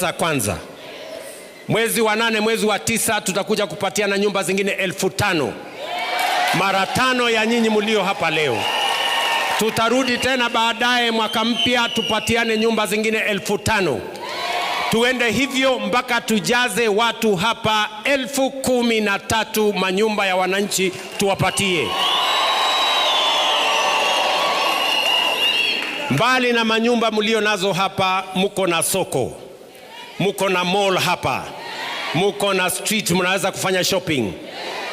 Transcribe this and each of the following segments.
za kwanza. Mwezi wa nane, mwezi wa tisa tutakuja kupatiana nyumba zingine elfu tano mara tano ya nyinyi mulio hapa leo. Tutarudi tena baadaye mwaka mpya tupatiane nyumba zingine elfu tano tuende hivyo mpaka tujaze watu hapa elfu kumi na tatu manyumba ya wananchi tuwapatie. Mbali na manyumba mlio nazo hapa, mko na soko muko na mall hapa, muko na street, mnaweza kufanya shopping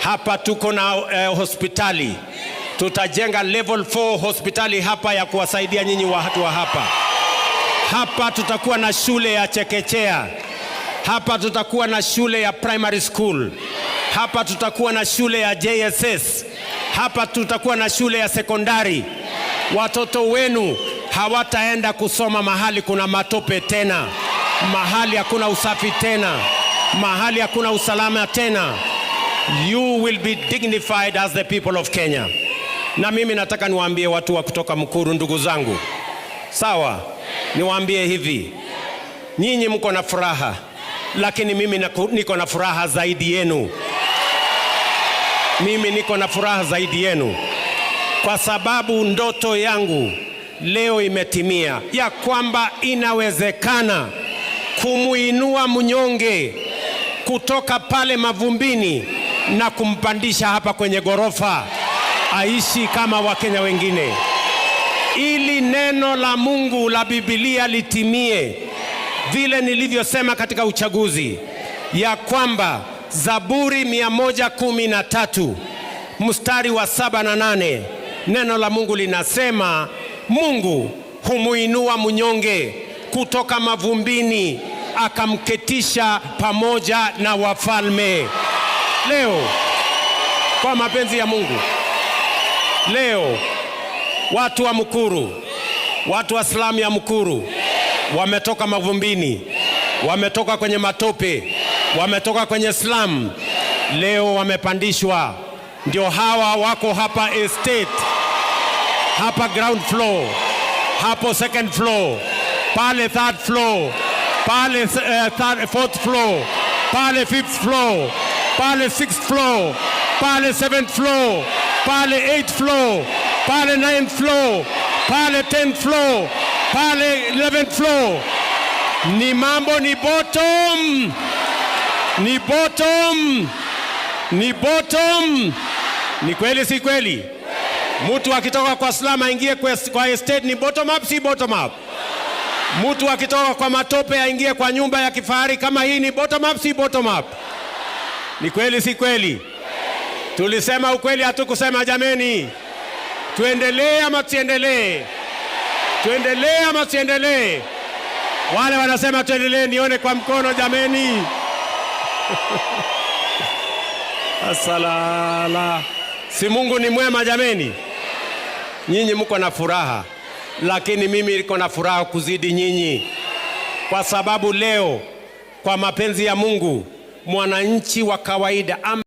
hapa. Tuko na uh, hospitali, tutajenga level 4 hospitali hapa ya kuwasaidia nyinyi watu wa hapa. Hapa tutakuwa na shule ya chekechea, hapa tutakuwa na shule ya primary school, hapa tutakuwa na shule ya JSS, hapa tutakuwa na shule ya sekondari. Watoto wenu hawataenda kusoma mahali kuna matope tena mahali hakuna usafi tena, mahali hakuna usalama tena. You will be dignified as the people of Kenya. Na mimi nataka niwaambie watu wa kutoka Mkuru, ndugu zangu, sawa, niwaambie hivi, nyinyi mko na furaha, lakini mimi niko na furaha zaidi yenu. Mimi niko na furaha zaidi yenu kwa sababu ndoto yangu leo imetimia ya kwamba inawezekana kumuinua mnyonge kutoka pale mavumbini na kumpandisha hapa kwenye ghorofa aishi kama Wakenya wengine, ili neno la Mungu la Biblia litimie vile nilivyosema katika uchaguzi ya kwamba Zaburi 113 mstari wa saba na nane neno la Mungu linasema Mungu humuinua mnyonge kutoka mavumbini akamketisha pamoja na wafalme. Leo kwa mapenzi ya Mungu, leo watu wa Mukuru, watu wa slamu ya Mukuru wametoka mavumbini, wametoka kwenye matope, wametoka kwenye slamu, leo wamepandishwa. Ndio hawa wako hapa estate, hapa ground floor, hapo second floor, pale third floor pale uh, fourth floor, pale fifth floor, pale sixth floor, pale seventh floor, pale eighth floor, pale ninth floor, pale tenth floor, pale eleventh floor. Ni mambo ni bottom, ni bottom, ni bottom. Ni kweli, si kweli? Mtu akitoka kwa slum aingie kwa estate, ni bottom up, si bottom up? Mtu akitoka kwa matope aingie kwa nyumba ya kifahari kama hii ni bottom up, si bottom up? Ni kweli, si kweli? Tulisema ukweli, hatukusema jameni? Tuendelee ama tusiendelee? Tuendelee ama tusiendelee? Wale wanasema tuendelee, nione kwa mkono jameni. Asalala, si Mungu ni mwema jameni? Nyinyi mko na furaha lakini mimi niko na furaha kuzidi nyinyi, kwa sababu leo kwa mapenzi ya Mungu mwananchi wa kawaida